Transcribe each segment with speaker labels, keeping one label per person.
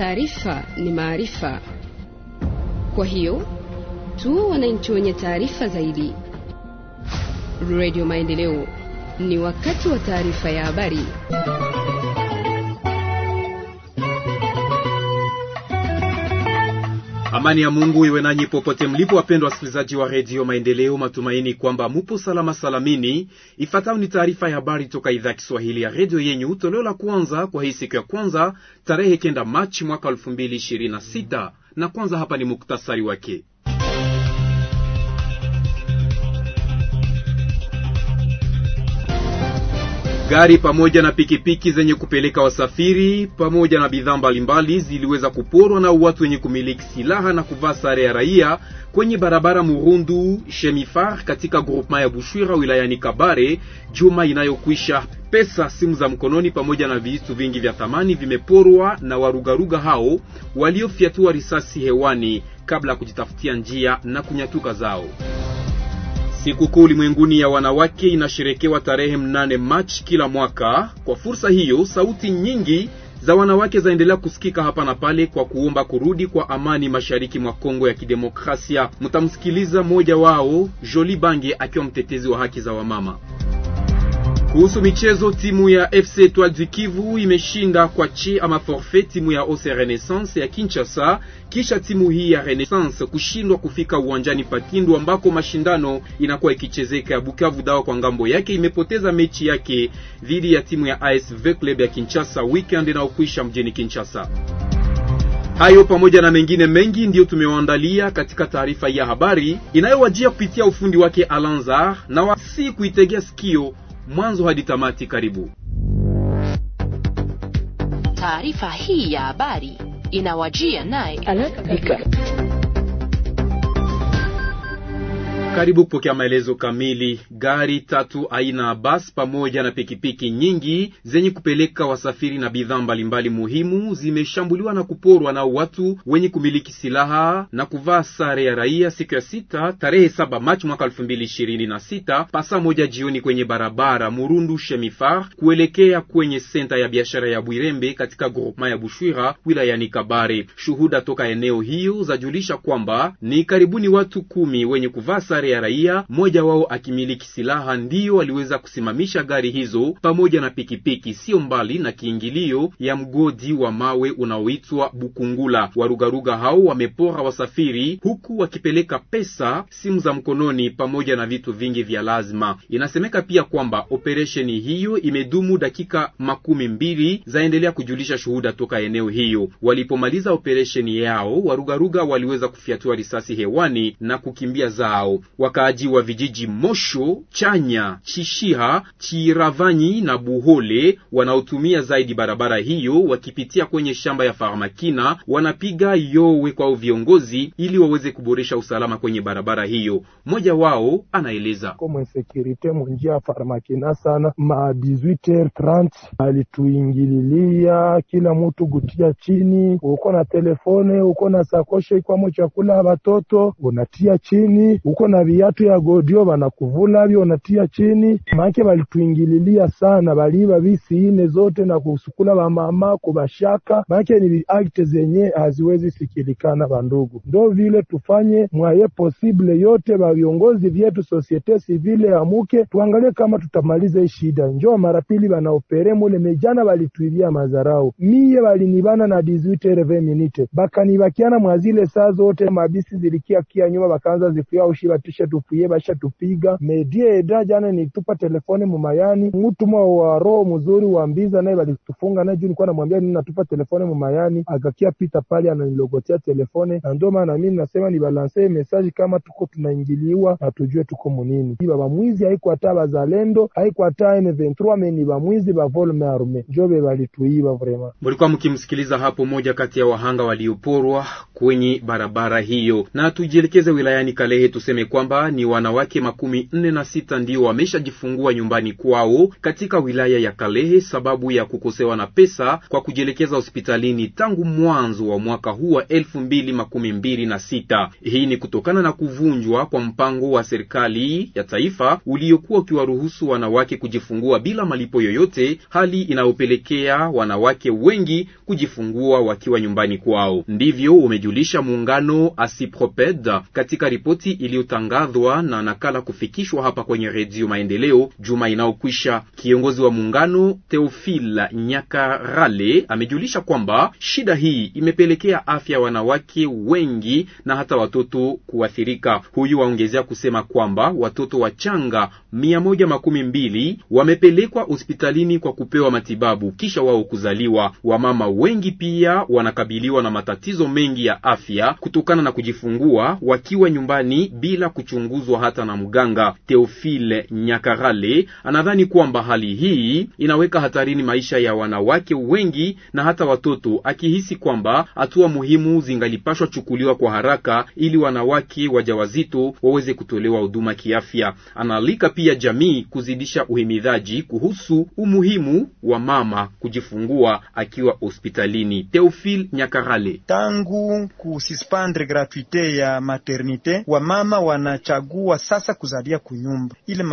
Speaker 1: Taarifa ni maarifa, kwa hiyo tuwe wananchi wenye taarifa zaidi. Radio Maendeleo, ni wakati wa taarifa ya habari.
Speaker 2: Amani ya Mungu iwe nanyi popote mlipo, wapendwa wasikilizaji wa redio Maendeleo. Matumaini kwamba mupo salama salamini. Ifuatayo ni taarifa ya habari toka idhaa Kiswahili ya redio yenyu, toleo la kwanza kwa hii siku ya kwanza tarehe kenda Machi mwaka 2026 Na kwanza hapa ni muktasari wake. Gari pamoja na pikipiki zenye kupeleka wasafiri pamoja na bidhaa mbalimbali ziliweza kuporwa na watu wenye kumiliki silaha na kuvaa sare ya raia kwenye barabara Murundu Shemifar katika groupement ya Bushwira wilayani Kabare juma inayokwisha. Pesa, simu za mkononi pamoja na vitu vingi vya thamani vimeporwa na warugaruga hao waliofyatua risasi hewani kabla ya kujitafutia njia na kunyatuka zao. Sikukuu ulimwenguni ya wanawake inasherekewa tarehe mnane Machi kila mwaka. Kwa fursa hiyo, sauti nyingi za wanawake zaendelea kusikika hapa na pale kwa kuomba kurudi kwa amani mashariki mwa Kongo ya Kidemokrasia. Mtamsikiliza mmoja wao, Jolie Bange, akiwa mtetezi wa haki za wamama. Kuhusu michezo, timu ya FC Etoile du Kivu imeshinda kwa chi ama forfait timu ya OSE Renaissance ya Kinshasa kisha timu hii ya Renaissance kushindwa kufika uwanjani Pakindu ambako mashindano inakuwa ikichezeka. Ya Bukavu Dawa kwa ngambo yake imepoteza mechi yake dhidi ya timu ya ASV Club ya Kinshasa weekend inayokwisha mjini Kinshasa. Hayo pamoja na mengine mengi ndiyo tumewaandalia katika taarifa ya habari inayowajia kupitia ufundi wake Alanzar na wasi kuitegea sikio mwanzo hadi tamati. Karibu.
Speaker 1: Taarifa hii ya habari inawajia naye
Speaker 2: Karibu kupokea maelezo kamili. Gari tatu aina ya basi pamoja na pikipiki nyingi zenye kupeleka wasafiri na bidhaa mbalimbali muhimu zimeshambuliwa na kuporwa na watu wenye kumiliki silaha na kuvaa sare ya raia siku ya sita tarehe saba Machi mwaka elfu mbili ishirini na sita pasaa moja jioni kwenye barabara Murundu Shemifar kuelekea kwenye senta ya biashara ya Bwirembe katika groupema ya Bushwira wilayani Kabare. Shuhuda toka eneo hiyo zajulisha kwamba ni karibuni watu kumi wenye kuvaa askari ya raia, mmoja wao akimiliki silaha, ndiyo aliweza kusimamisha gari hizo pamoja na pikipiki sio mbali na kiingilio ya mgodi wa mawe unaoitwa Bukungula. Warugaruga hao wamepora wasafiri, huku wakipeleka pesa, simu za mkononi pamoja na vitu vingi vya lazima. Inasemeka pia kwamba operesheni hiyo imedumu dakika makumi mbili, zaendelea kujulisha shuhuda toka eneo hiyo. Walipomaliza operesheni yao, warugaruga waliweza kufyatua risasi hewani na kukimbia zao wakaaji wa vijiji Mosho, Chanya, Chishiha, Chiravanyi na Buhole wanaotumia zaidi barabara hiyo wakipitia kwenye shamba ya Farmakina wanapiga yowe kwa viongozi ili waweze kuboresha usalama kwenye barabara hiyo. Mmoja wao anaeleza
Speaker 3: kama mwenjia ya Farmakina sana ma 18:30 alituingililia kila mtu gutia chini, uko na telefone, uko na sakoshe ikwamo chakula watoto unatia chini, uko na viatu ya godio banakuvula vyo unatia chini. Maanake balituingililia sana, baliiba ine zote na kusukula bamama bashaka manke ni akte zenye haziwezi sikilikana. Bandugu, ndo vile tufanye mwaye posible yote, ba viongozi vyetu societe sivile amuke tuangalie kama tutamaliza hii shida. njo mara pili banaopere mule mejana balituibia mazarau miye balinibana na 18 minute bakanibakiana mwazile saa zote mabisi zilikia kia nyuma bakaanza zikuya ushi bati tushadupwie bashadupiga eda jana nitupa telefone mumayani mutumwa wa roho mzuri wa mbiza naye balitufunga naye juu nilikuwa namwambia nini natupa telefone mumayani akakia pita pale ananilogotea telefone na ndio maana mimi nasema nibalanse mesaji kama tuko tunaingiliwa na tujue tuko munini babamwizi haiko hata bazalendo haiko hata M23 meni bamwizi bavolme arme njobe walituiba vrema
Speaker 2: mulikuwa mkimsikiliza hapo moja kati ya wahanga walioporwa kwenye barabara hiyo na tujielekeze wilayani Kalehe tuseme kwa kwamba ni wanawake makumi nne na sita ndio wameshajifungua nyumbani kwao katika wilaya ya Kalehe sababu ya kukosewa na pesa kwa kujielekeza hospitalini tangu mwanzo wa mwaka huu wa elfu mbili makumi mbili na sita. Hii ni kutokana na kuvunjwa kwa mpango wa serikali ya taifa uliokuwa ukiwaruhusu wanawake kujifungua bila malipo yoyote, hali inayopelekea wanawake wengi kujifungua wakiwa nyumbani kwao. Ndivyo umejulisha muungano Asiproped katika ripoti iliyotangazwa kutangazwa na nakala kufikishwa hapa kwenye Redio Maendeleo juma inayokwisha. Kiongozi wa muungano Theophile Nyakarale amejulisha kwamba shida hii imepelekea afya ya wanawake wengi na hata watoto kuathirika. Huyu waongezea kusema kwamba watoto wachanga mia moja makumi mbili wamepelekwa hospitalini kwa kupewa matibabu kisha wao kuzaliwa. Wamama wengi pia wanakabiliwa na matatizo mengi ya afya kutokana na kujifungua wakiwa nyumbani bila kuchunguzwa hata na mganga Teofile Nyakarale, anadhani kwamba hali hii inaweka hatarini maisha ya wanawake wengi na hata watoto, akihisi kwamba hatua muhimu zingalipashwa chukuliwa kwa haraka ili wanawake wajawazito waweze kutolewa huduma kiafya. analika pia jamii kuzidisha uhimidhaji kuhusu umuhimu wa mama kujifungua akiwa hospitalini. Theophile Nyakarale:
Speaker 4: tangu kusispandre gratuite ya maternite wamama wana mnachagua sasa kuzalia kunyumba ile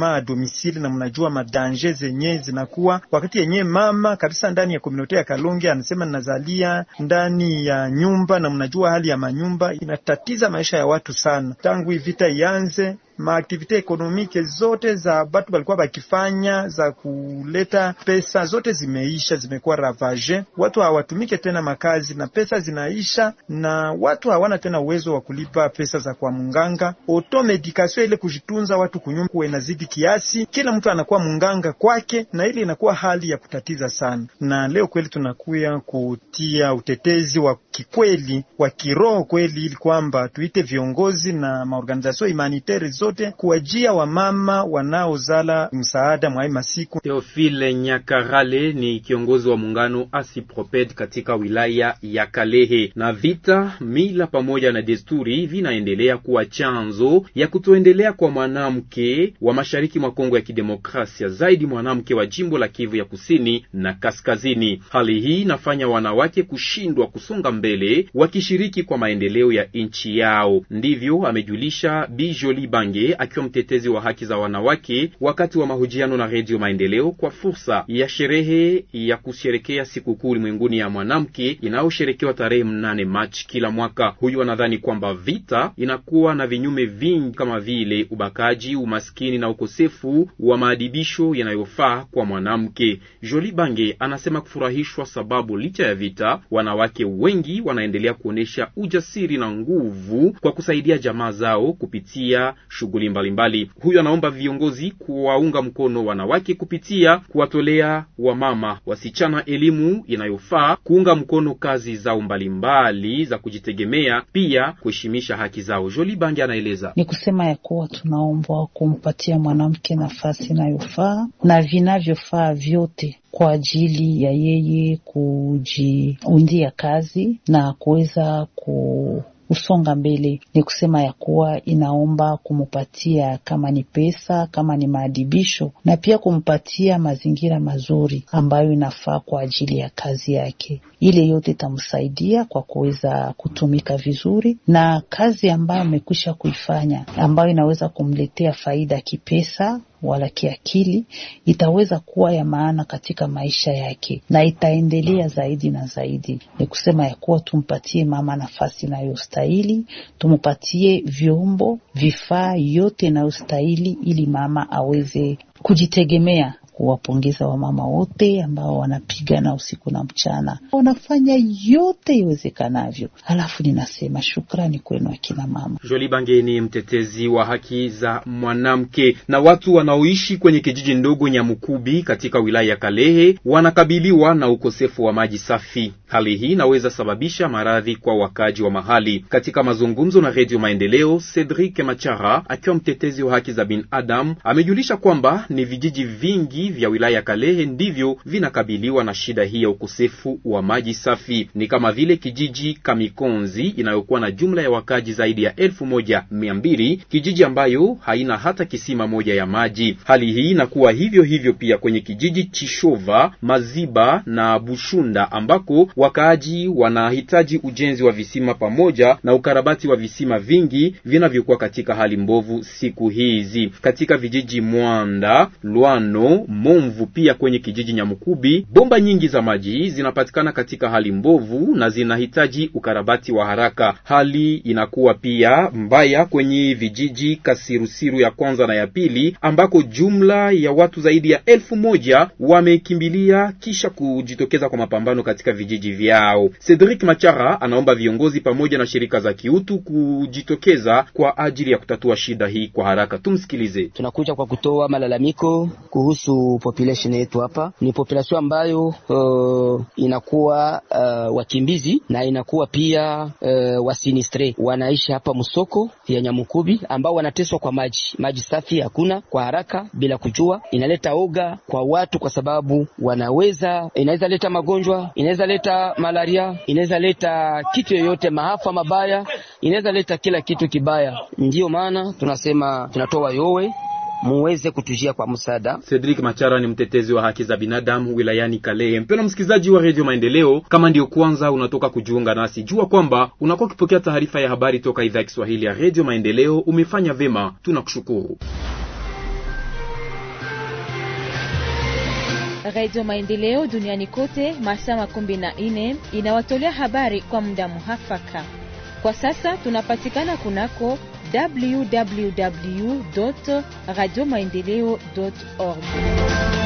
Speaker 4: ya domisili, na mnajua madanje zenye zinakuwa wakati yenye mama kabisa ndani ya komunote ya Kalonge anasema nazalia ndani ya nyumba, na mnajua hali ya manyumba inatatiza maisha ya watu sana tangu vita ianze maaktivite ekonomike zote za batu balikuwa bakifanya za kuleta pesa zote zimeisha, zimekuwa ravage. Watu hawatumike tena makazi na pesa zinaisha, na watu hawana tena uwezo wa kulipa pesa za kwa munganga. Oto medikasio ile kujitunza watu kunyumba kuwe inazidi kiasi, kila mtu anakuwa munganga kwake, na ile inakuwa hali ya kutatiza sana. Na leo kweli tunakuya kutia utetezi wa kikweli wa kiroho kweli, ili kwamba tuite viongozi na maorganizasio humanitaire zote kuwajia wamama wanaozala msaada mwa masiku.
Speaker 2: Teofile Nyakarale ni kiongozi wa muungano Asiproped katika wilaya ya Kalehe. Na vita, mila pamoja na desturi vinaendelea kuwa chanzo ya kutoendelea kwa mwanamke wa mashariki mwa Kongo ya Kidemokrasia, zaidi mwanamke wa jimbo la Kivu ya Kusini na Kaskazini. Hali hii inafanya wanawake kushindwa kusonga mbele wakishiriki kwa maendeleo ya nchi yao, ndivyo amejulisha Bijoli Bang Mwangi akiwa mtetezi wa haki za wanawake wakati wa mahojiano na Redio Maendeleo kwa fursa ya sherehe ya kusherekea sikukuu ulimwenguni ya mwanamke inayosherekewa tarehe mnane Machi kila mwaka. Huyu anadhani kwamba vita inakuwa na vinyume vingi kama vile ubakaji, umaskini na ukosefu wa maadibisho yanayofaa kwa mwanamke. Jolie Bange anasema kufurahishwa sababu licha ya vita wanawake wengi wanaendelea kuonyesha ujasiri na nguvu kwa kusaidia jamaa zao kupitia shughuli mbalimbali. Huyu anaomba viongozi kuwaunga mkono wanawake kupitia kuwatolea wamama wasichana elimu inayofaa, kuunga mkono kazi zao mbalimbali za kujitegemea, pia kuheshimisha haki zao. Joli Bangi anaeleza
Speaker 5: ni kusema ya kuwa tunaombwa kumpatia mwanamke nafasi inayofaa na vinavyofaa vyote kwa ajili ya yeye kujiundia kazi na kuweza ku kusonga mbele. Ni kusema ya kuwa inaomba kumupatia kama ni pesa, kama ni maadibisho, na pia kumpatia mazingira mazuri ambayo inafaa kwa ajili ya kazi yake. Ile yote itamsaidia kwa kuweza kutumika vizuri na kazi ambayo amekwisha kuifanya ambayo inaweza kumletea faida kipesa wala kiakili itaweza kuwa ya maana katika maisha yake na itaendelea zaidi na zaidi. Ni kusema ya kuwa tumpatie mama nafasi inayostahili, tumpatie vyombo, vifaa yote inayostahili, ili mama aweze kujitegemea kuwapongeza wamama wote ambao wanapigana usiku na mchana, wanafanya yote iwezekanavyo. Halafu ninasema shukrani kwenu akina mama.
Speaker 2: Joli Bange ni mtetezi wa haki za mwanamke na watu wanaoishi kwenye kijiji ndogo Nyamukubi katika wilaya ya Kalehe wanakabiliwa na ukosefu wa maji safi. Hali hii inaweza sababisha maradhi kwa wakaji wa mahali. Katika mazungumzo na Redio Maendeleo, Cedric Machara akiwa mtetezi wa haki za binadamu amejulisha kwamba ni vijiji vingi vingi vya wilaya Kalehe ndivyo vinakabiliwa na shida hii ya ukosefu wa maji safi, ni kama vile kijiji Kamikonzi inayokuwa na jumla ya wakaji zaidi ya elfu moja mia mbili, kijiji ambayo haina hata kisima moja ya maji. Hali hii inakuwa hivyo hivyo pia kwenye kijiji Chishova, Maziba na Bushunda ambako wakaaji wanahitaji ujenzi wa visima pamoja na ukarabati wa visima vingi vinavyokuwa katika hali mbovu siku hizi katika vijiji Mwanda, Lwano Momvu pia kwenye kijiji Nyamukubi, bomba nyingi za maji zinapatikana katika hali mbovu na zinahitaji ukarabati wa haraka. Hali inakuwa pia mbaya kwenye vijiji Kasirusiru ya kwanza na ya pili ambako jumla ya watu zaidi ya elfu moja wamekimbilia kisha kujitokeza kwa mapambano katika vijiji vyao. Cedric Machara anaomba viongozi pamoja na shirika za kiutu kujitokeza kwa ajili ya kutatua shida hii kwa haraka.
Speaker 6: Tumsikilize. Tunakuja kwa kutoa malalamiko kuhusu population yetu hapa, ni population ambayo uh, inakuwa uh, wakimbizi na inakuwa pia uh, wasinistre wanaishi hapa msoko ya Nyamukubi ambao wanateswa kwa maji, maji safi hakuna kwa haraka bila kujua, inaleta oga kwa watu kwa sababu wanaweza, inaweza leta magonjwa, inaweza leta malaria, inaweza leta kitu yoyote, maafa mabaya, inaweza leta kila kitu kibaya. Ndiyo maana tunasema tunatoa yowe muweze kutujia kwa msaada.
Speaker 2: Cedric Machara ni mtetezi wa haki za binadamu wilayani Kalehe. Mpendwa msikilizaji wa Radio Maendeleo, kama ndiyo kwanza unatoka kujiunga nasi, jua kwamba unakuwa ukipokea taarifa ya habari toka idhaa ya Kiswahili ya Radio Maendeleo. Umefanya vema, tunakushukuru.
Speaker 1: Radio Maendeleo duniani kote masaa makumi na nne inawatolea habari kwa muda muhafaka. Kwa sasa tunapatikana kunako www radio www.radiomaendeleo.org.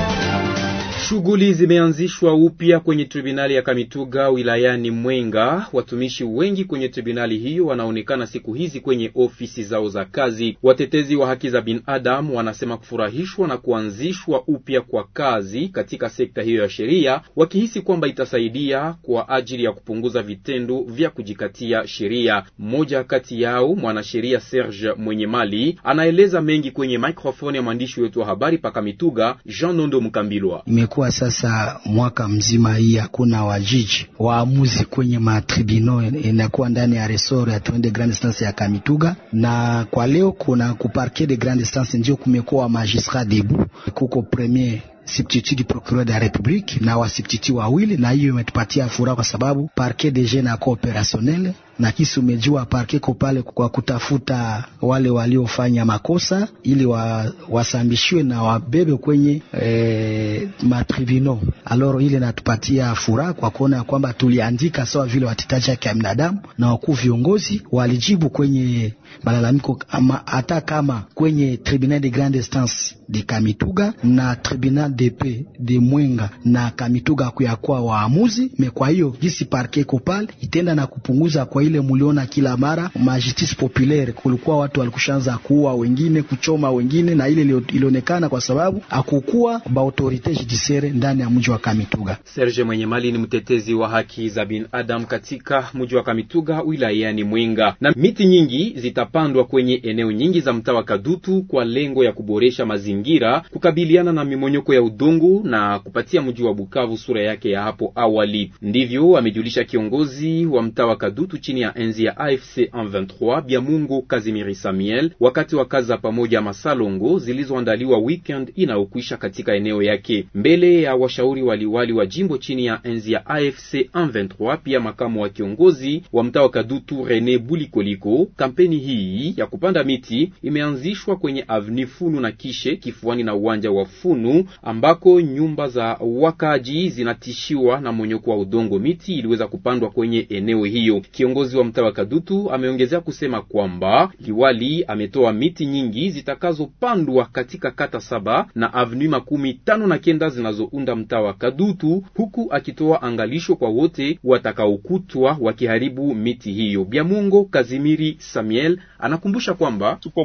Speaker 2: Shughuli zimeanzishwa upya kwenye tribunali ya Kamituga wilayani Mwenga. Watumishi wengi kwenye tribunali hiyo wanaonekana siku hizi kwenye ofisi zao za kazi. Watetezi wa haki za binadamu wanasema kufurahishwa na kuanzishwa upya kwa kazi katika sekta hiyo ya sheria, wakihisi kwamba itasaidia kwa ajili ya kupunguza vitendo vya kujikatia sheria. Mmoja kati yao mwanasheria Serge Mwenye Mali anaeleza mengi kwenye mikrofoni ya mwandishi wetu wa habari pa Kamituga, Jean Nondo Mkambilwa
Speaker 6: Miku kunakuwa sasa mwaka mzima hii hakuna wajiji waamuzi kwenye matribunaux, inakuwa ndani ya resort ya tribunal de grande instance ya Kamituga, na kwa leo kuna kuparquet de grand instance ndio kumekuwa magistrat debut, kuko premier substitut du procureur de la republique na wasubstitut wawili, na hiyo imetupatia furaha kwa sababu parquet de na ko opérationnel na kisi umejua parkeko pale kwa kutafuta wale waliofanya makosa ili wa, wasambishwe na wabebe kwenye e, eh, matribuno. Aloro ile natupatia furaha kwa kuona kwamba tuliandika sawa vile watitaji haki ya binadamu na wakuu viongozi walijibu kwenye malalamiko ama hata kama kwenye tribunal de grande instance de Kamituga na tribunal de paix de Mwenga na Kamituga kuyakuwa waamuzi me. Kwa hiyo gisi parkeko pale itenda na kupunguza kwa ile muliona kila mara majustice populaire, kulikuwa watu walikushanza kuua wengine, kuchoma wengine, na ile ilionekana kwa sababu hakukuwa ba autorite judiciaire ndani ya mji wa Kamituga.
Speaker 2: Serge mwenye mali ni mtetezi wa haki za binadamu katika mji wa Kamituga wilayani Mwenga, na miti nyingi zitapandwa kwenye eneo nyingi za mtaa wa Kadutu kwa lengo ya kuboresha mazingira, kukabiliana na mimonyoko ya udongo na kupatia mji wa Bukavu sura yake ya hapo awali. Ndivyo amejulisha kiongozi wa mtaa wa Kadutu chini chini ya enzi ya AFC M23 Mungu Kazimiri Samuel wakati wa kazi za pamoja Masalongo zilizoandaliwa weekend inayokwisha katika eneo yake mbele ya washauri waliwali wa jimbo chini ya enzi ya AFC M23, pia makamu wa kiongozi wa mtaa wa Kadutu Rene Bulikoliko. Kampeni hii ya kupanda miti imeanzishwa kwenye avni Funu na Kishe kifuani na uwanja wa Funu ambako nyumba za wakaji zinatishiwa na monyoko wa udongo. Miti iliweza kupandwa kwenye eneo hiyo. Kiongozi Kiongozi wa mtaa wa Kadutu ameongezea kusema kwamba liwali ametoa miti nyingi zitakazopandwa katika kata saba na avenue makumi tano na kenda zinazounda mtaa wa Kadutu, huku akitoa angalisho kwa wote watakaokutwa wakiharibu miti hiyo. Biamungo Kazimiri Samuel anakumbusha kwamba tuko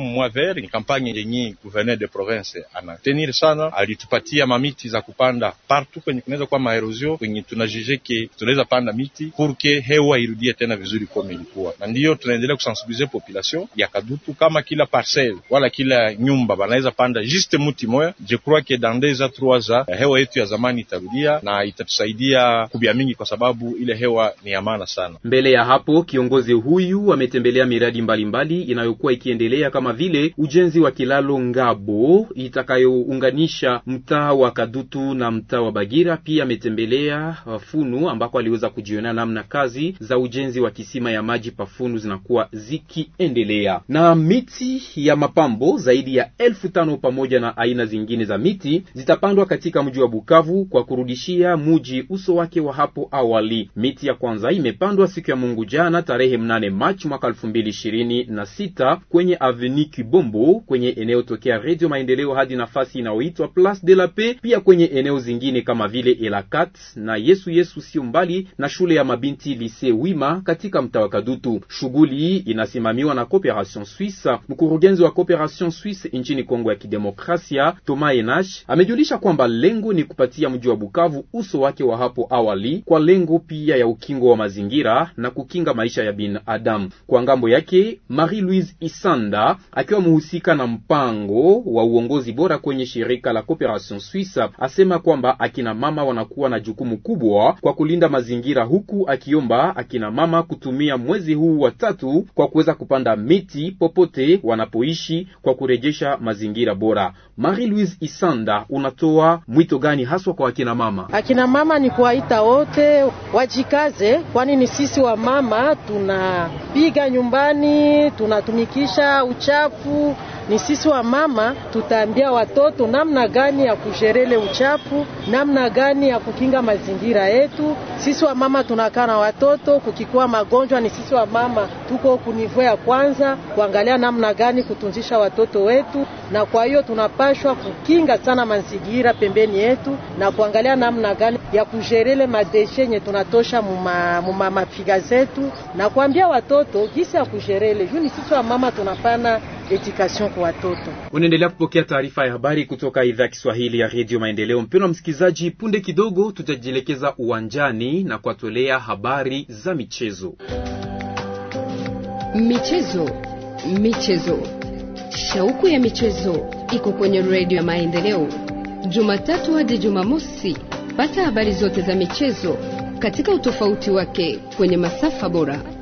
Speaker 2: ni kampanye yenye gouverneur de province anatenir sana, alitupatia mamiti za kupanda partout kwenye kunaweza kuwa maerosion kwenye tunajijeke tunaweza panda miti purke hewa irudie tena vizuri comme ilikuwa, na ndiyo tunaendelea kusensibilize population ya Kadutu kama kila parcel wala kila nyumba banaweza panda juste muti moya. Je crois que dans deux a trois a eh, hewa yetu ya zamani itarudia na itatusaidia kubia mingi, kwa sababu ile hewa ni ya sana. Mbele ya hapo, kiongozi huyu ametembelea miradi mbalimbali inayokuwa ikiendelea kama vile ujenzi wa kilalo Ngabo itakayounganisha mtaa wa Kadutu na mtaa wa Bagira. Pia ametembelea uh, Funu ambako aliweza kujionea namna kazi za ujenzi wa kisima visima ya maji pafunu zinakuwa zikiendelea. Na miti ya mapambo zaidi ya elfu tano pamoja na aina zingine za miti zitapandwa katika mji wa Bukavu kwa kurudishia muji uso wake wa hapo awali. Miti ya kwanza imepandwa siku ya Mungu jana tarehe mnane Machi mwaka elfu mbili ishirini na sita kwenye Avenue Kibombo kwenye eneo tokea Redio Maendeleo hadi nafasi inayoitwa Place de la Paix, pia kwenye eneo zingine kama vile Elakat na Yesu Yesu sio mbali na shule ya mabinti Lise Wima katika mtaa wa Kadutu. Shughuli hii inasimamiwa na Cooperation Suisse. Mkurugenzi wa Cooperation Suisse nchini Kongo ya Kidemokrasia, Thomas Enash, amejulisha kwamba lengo ni kupatia mji wa Bukavu uso wake wa hapo awali kwa lengo pia ya ukingo wa mazingira na kukinga maisha ya binadamu. Kwa ngambo yake, Marie Louise Isanda akiwa mhusika na mpango wa uongozi bora kwenye shirika la Cooperation Suisse asema kwamba akina mama wanakuwa na jukumu kubwa kwa kulinda mazingira, huku akiomba akina mama kutu wanatumia mwezi huu wa tatu kwa kuweza kupanda miti popote wanapoishi kwa kurejesha mazingira bora. Marie Louise Isanda, unatoa mwito gani haswa kwa akina mama?
Speaker 6: Akina mama ni kuwaita wote wajikaze, kwani ni sisi wa mama tunapiga nyumbani, tunatumikisha uchafu ni sisi wa mama tutaambia watoto namna gani ya kusherele uchafu, namna gani ya kukinga mazingira yetu. Sisi wa mama tunakaa na watoto, kukikua magonjwa ugonjwa ni sisi wa mama tuko kunivo ya kwanza kuangalia namna gani kutunzisha watoto wetu, na kwa hiyo tunapashwa kukinga sana mazingira pembeni yetu na kuangalia namna gani ya kujerele madeshe nye tunatosha muma, muma mafiga zetu na kuambia watoto gisi ya kujerele juni sisi wa mama tunapana education kwa watoto.
Speaker 2: Unaendelea kupokea taarifa ya habari kutoka idhaa Kiswahili ya redio Maendeleo. Mpendwa msikilizaji, punde kidogo tutajielekeza uwanjani na kuwatolea habari za michezo.
Speaker 1: Michezo, michezo, shauku ya michezo iko kwenye redio ya Maendeleo, Jumatatu hadi Jumamosi Pata habari zote za michezo katika utofauti wake kwenye masafa bora.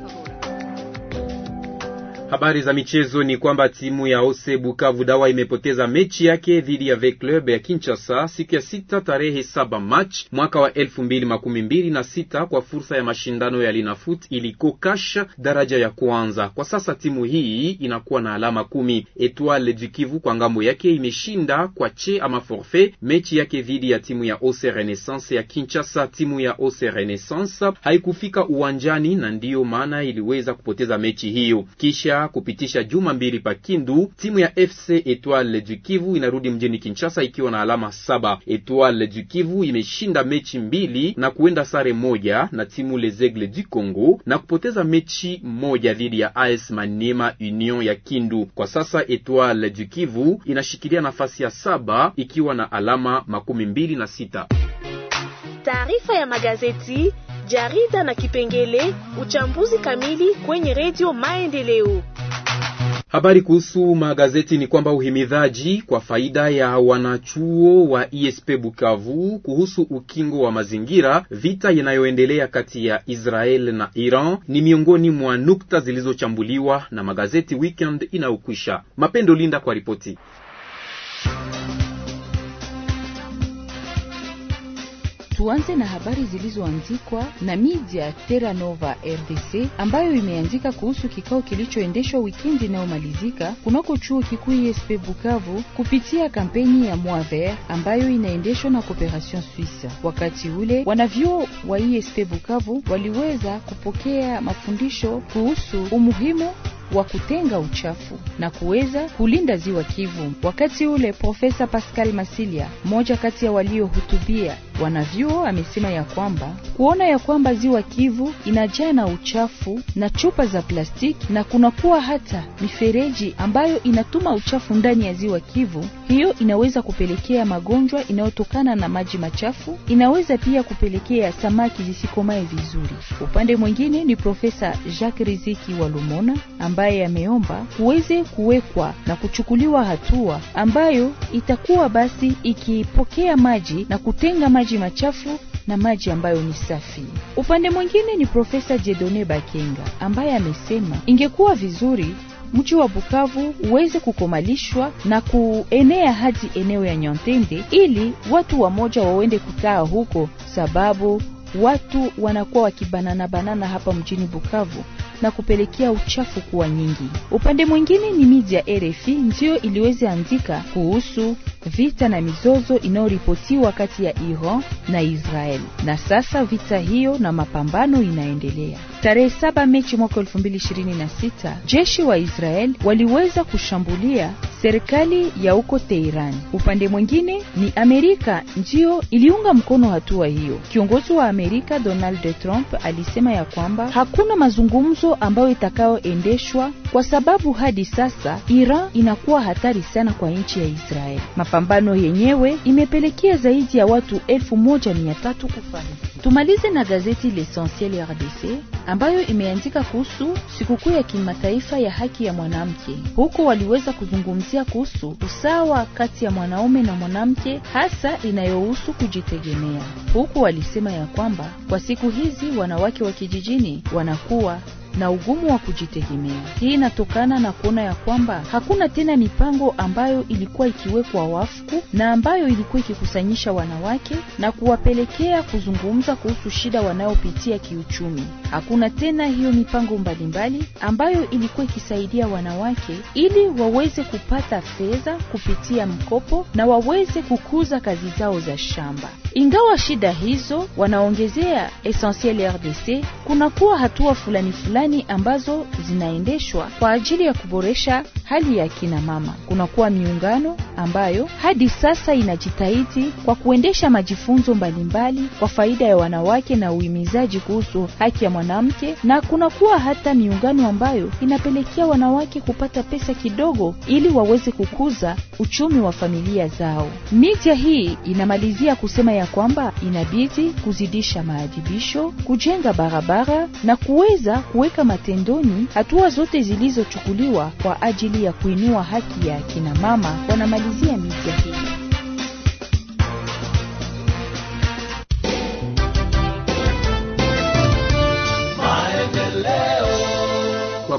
Speaker 2: Habari za michezo ni kwamba timu ya Ose Bukavu Dawa imepoteza mechi yake dhidi ya V Club ya Kinshasa siku ya sita tarehe saba Machi mwaka wa elfu mbili makumi mbili na sita kwa fursa ya mashindano ya Linafoot iliko kasha daraja ya kwanza. Kwa sasa timu hii inakuwa na alama kumi. Etoile du Kivu kwa ngambo yake imeshinda kwa che ama forfait mechi yake dhidi ya timu ya Ose Renaissance ya Kinshasa. Timu ya Ose Renaissance haikufika uwanjani na ndiyo maana iliweza kupoteza mechi hiyo kisha kupitisha juma mbili Pakindu. Timu ya FC Etoile du Kivu inarudi mjini Kinshasa ikiwa na alama saba. Etoile du Kivu imeshinda mechi mbili na kuenda sare moja na timu Les Aigles du Congo na kupoteza mechi moja dhidi ya AS Maniema Union ya Kindu. Kwa sasa Etoile du Kivu inashikilia nafasi ya saba ikiwa na alama makumi mbili na sita.
Speaker 6: Taarifa ya magazeti jarida na kipengele uchambuzi kamili kwenye redio Maendeleo.
Speaker 2: Habari kuhusu magazeti ni kwamba uhimidhaji kwa faida ya wanachuo wa ISP e Bukavu kuhusu ukingo wa mazingira, vita inayoendelea kati ya Israel na Iran ni miongoni mwa nukta zilizochambuliwa na magazeti weekend inayokwisha. Mapendo Linda kwa ripoti
Speaker 1: Tuanze na habari zilizoandikwa na media Terra Nova RDC ambayo imeandika kuhusu kikao kilichoendeshwa wikendi inayomalizika kunako chuo kikuu ISP Bukavu kupitia kampeni ya Moaver ambayo inaendeshwa na Cooperation Suisse. Wakati ule wanavyuo wa ISP Bukavu waliweza kupokea mafundisho kuhusu umuhimu wa kutenga uchafu na kuweza kulinda ziwa Kivu. Wakati ule Profesa Pascal Masilia, mmoja kati ya waliohutubia Wanavyuo amesema ya kwamba kuona ya kwamba ziwa Kivu inajaa na uchafu na chupa za plastiki na kunakuwa hata mifereji ambayo inatuma uchafu ndani ya ziwa Kivu, hiyo inaweza kupelekea magonjwa inayotokana na maji machafu, inaweza pia kupelekea samaki zisikomae vizuri. Upande mwingine ni Profesa Jacques Riziki wa Lumona ambaye ameomba kuweze kuwekwa na kuchukuliwa hatua ambayo itakuwa basi ikipokea maji na kutenga maji maji machafu na maji ambayo ni safi. Upande mwingine ni Profesa Jedone Bakenga ambaye amesema ingekuwa vizuri mji wa Bukavu uweze kukomalishwa na kuenea hadi eneo ya Nyantende ili watu wamoja waende kukaa huko, sababu watu wanakuwa wakibanana banana hapa mjini Bukavu na kupelekea uchafu kuwa nyingi. Upande mwingine ni media RFI ndiyo iliweza andika kuhusu vita na mizozo inayoripotiwa kati ya Iran na Israel, na sasa vita hiyo na mapambano inaendelea. Tarehe saba Mechi mwaka 2026 jeshi wa Israel waliweza kushambulia serikali ya huko Teheran. Upande mwingine ni Amerika ndiyo iliunga mkono hatua hiyo. Kiongozi wa Amerika Donald Trump alisema ya kwamba hakuna mazungumzo ambayo itakayoendeshwa kwa sababu hadi sasa Iran inakuwa hatari sana kwa nchi ya Israeli. Mapambano yenyewe imepelekea zaidi ya watu elfu moja mia tatu kufariki. Tumalize na gazeti L'Essentiel RDC ambayo imeandika kuhusu sikukuu ya kimataifa ya haki ya mwanamke. Huko waliweza kuzungumzia kuhusu usawa kati ya mwanaume na mwanamke, hasa inayohusu kujitegemea. Huko walisema ya kwamba kwa siku hizi wanawake wa kijijini wanakuwa na ugumu wa kujitegemea. Hii inatokana na kuona ya kwamba hakuna tena mipango ambayo ilikuwa ikiwekwa wafuku na ambayo ilikuwa ikikusanyisha wanawake na kuwapelekea kuzungumza kuhusu shida wanayopitia kiuchumi. Hakuna tena hiyo mipango mbalimbali ambayo ilikuwa ikisaidia wanawake ili waweze kupata fedha kupitia mkopo na waweze kukuza kazi zao za shamba. Ingawa shida hizo, wanaongezea Essentiel RDC, kunakuwa hatua fulani fulani burudani ambazo zinaendeshwa kwa ajili ya kuboresha hali ya kina mama, kunakuwa miungano ambayo hadi sasa inajitahidi kwa kuendesha majifunzo mbalimbali kwa faida ya wanawake na uhimizaji kuhusu haki ya mwanamke, na kunakuwa hata miungano ambayo inapelekea wanawake kupata pesa kidogo ili waweze kukuza uchumi wa familia zao. Mija hii inamalizia kusema ya kwamba inabidi kuzidisha maadhibisho, kujenga barabara na kuweza kuweka matendoni hatua zote zilizochukuliwa kwa ajili ya kuinua haki ya akina mama wanamalizia mita hii.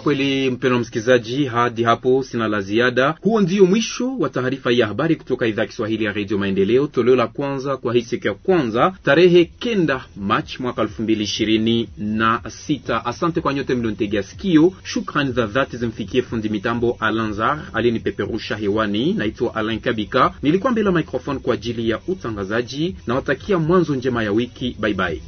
Speaker 2: kweli, mpendwa msikilizaji, hadi hapo sina la ziada. Huo ndio mwisho wa taarifa ya habari kutoka idhaa ya Kiswahili ya Redio Maendeleo, toleo la kwanza kwa hii siku ya kwanza tarehe kenda Machi mwaka elfu mbili ishirini na sita. Asante kwa nyote mlionitegea sikio. Shukrani za dhati zimfikie fundi mitambo Alanzar aliyenipeperusha hewani. Naitwa Alain Kabika, nilikuwa mbele ya kwa ajili ya utangazaji. Nawatakia mwanzo njema ya wiki. Baibai.